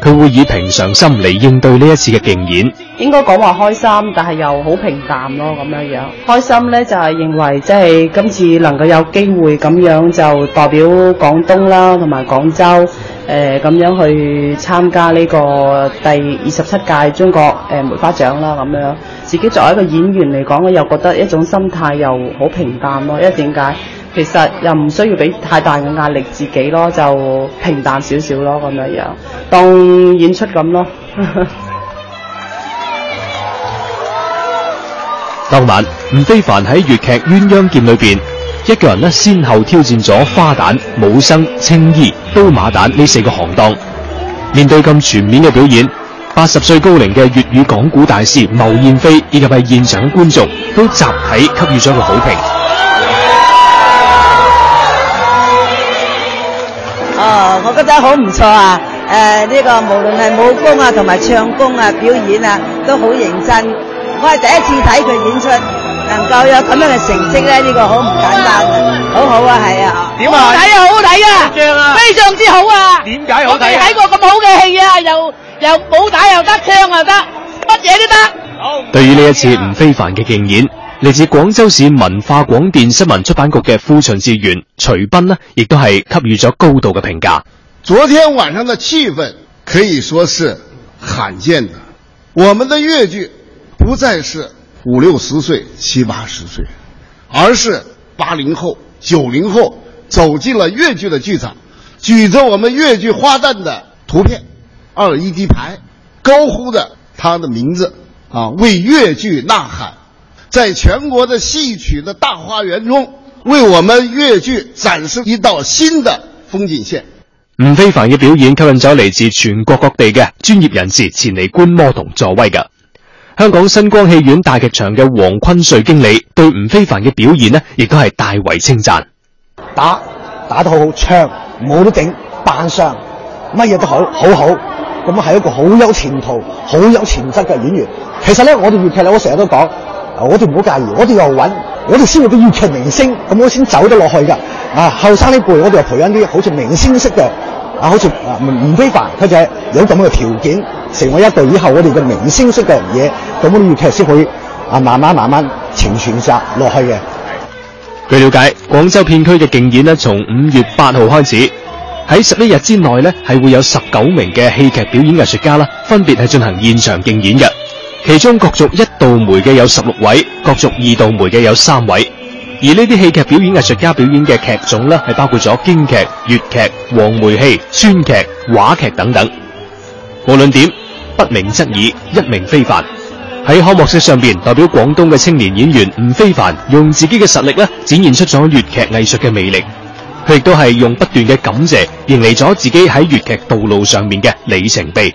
佢會以平常心嚟應對呢一次嘅競演，應該講話開心，但係又好平淡咯，咁樣樣。開心呢就係認為即係今次能夠有機會咁樣就代表廣東啦，同埋廣州誒咁樣去參加呢個第二十七屆中國誒梅花獎啦，咁樣。自己作為一個演員嚟講咧，又覺得一種心態又好平淡咯，因為點解？其實又唔需要俾太大嘅壓力自己咯，就平淡少少咯咁樣樣，當演出咁咯。 當晚，吳非凡喺粵劇《鴛鴦劍》裏邊，一個人咧先後挑戰咗花旦、武生、青衣、刀馬旦呢四個行當。面對咁全面嘅表演，八十歲高齡嘅粵語講古大師毛燕飛以及係現場嘅觀眾都集體給予咗個好評。哦，我覺得好唔錯啊！誒、呃，呢、這個無論係武功啊，同埋唱功啊，表演啊，都好認真。我係第一次睇佢演出，能夠有咁樣嘅成績咧，呢、這個好唔簡單。好好啊，係啊，好睇啊，啊，好睇啊，啊，啊，啊，啊，非常之好啊。點解好睇啊？我睇過咁好嘅戲啊，又又武打又得唱又得，乜嘢都得。好、啊，對於呢一次吳非凡嘅競演。嚟自廣州市文化廣電新聞出版局嘅副巡視員徐斌呢，亦都係給予咗高度嘅評價。昨天晚上的氣氛可以說是罕見的。我們的粵劇不再是五六十歲、七八十歲，而是八零後、九零後走進了粵劇的劇場，舉着我們粵劇花旦的圖片、二一 D 牌，高呼着他的名字，啊，為粵劇吶喊。在全國的戲曲的大花園中，為我們粵劇展示一道新的風景線。吳非凡嘅表演吸引咗嚟自全國各地嘅專業人士前嚟觀摩同助威噶。香港新光戲院大劇場嘅黃坤瑞經理對吳非凡嘅表現呢亦都係大為稱讚。打打得好好，唱冇得頂，扮相乜嘢都好，好好咁啊，係一個好有前途、好有潛質嘅演員。其實咧，我哋粵劇咧，我成日都講。我哋唔好介意，我哋又搵，我哋先會到粵劇明星，咁我先走得落去噶。啊，後生呢輩，我哋又培養啲好似明星式嘅，啊，好似啊吳非凡佢就係有咁嘅條件，成為一對以後，我哋嘅明星式嘅嘢，咁我哋粵劇先會啊慢慢慢慢傳傳習落去嘅。據了解，廣州片區嘅競演咧，從五月八號開始，喺十一日之內咧，係會有十九名嘅戲劇表演藝術家啦，分別係進行現場競演嘅。其中角逐一度梅嘅有十六位，角逐二度梅嘅有三位。而呢啲戲劇表演藝術家表演嘅劇種咧，係包括咗京劇、粵劇、黃梅戲、川劇、話劇等等。無論點，不鳴則已，一鳴非凡。喺開幕式上邊，代表廣東嘅青年演員吳非凡，用自己嘅實力咧，展現出咗粵劇藝術嘅魅力。佢亦都係用不斷嘅感謝，迎嚟咗自己喺粵劇道路上面嘅里程碑。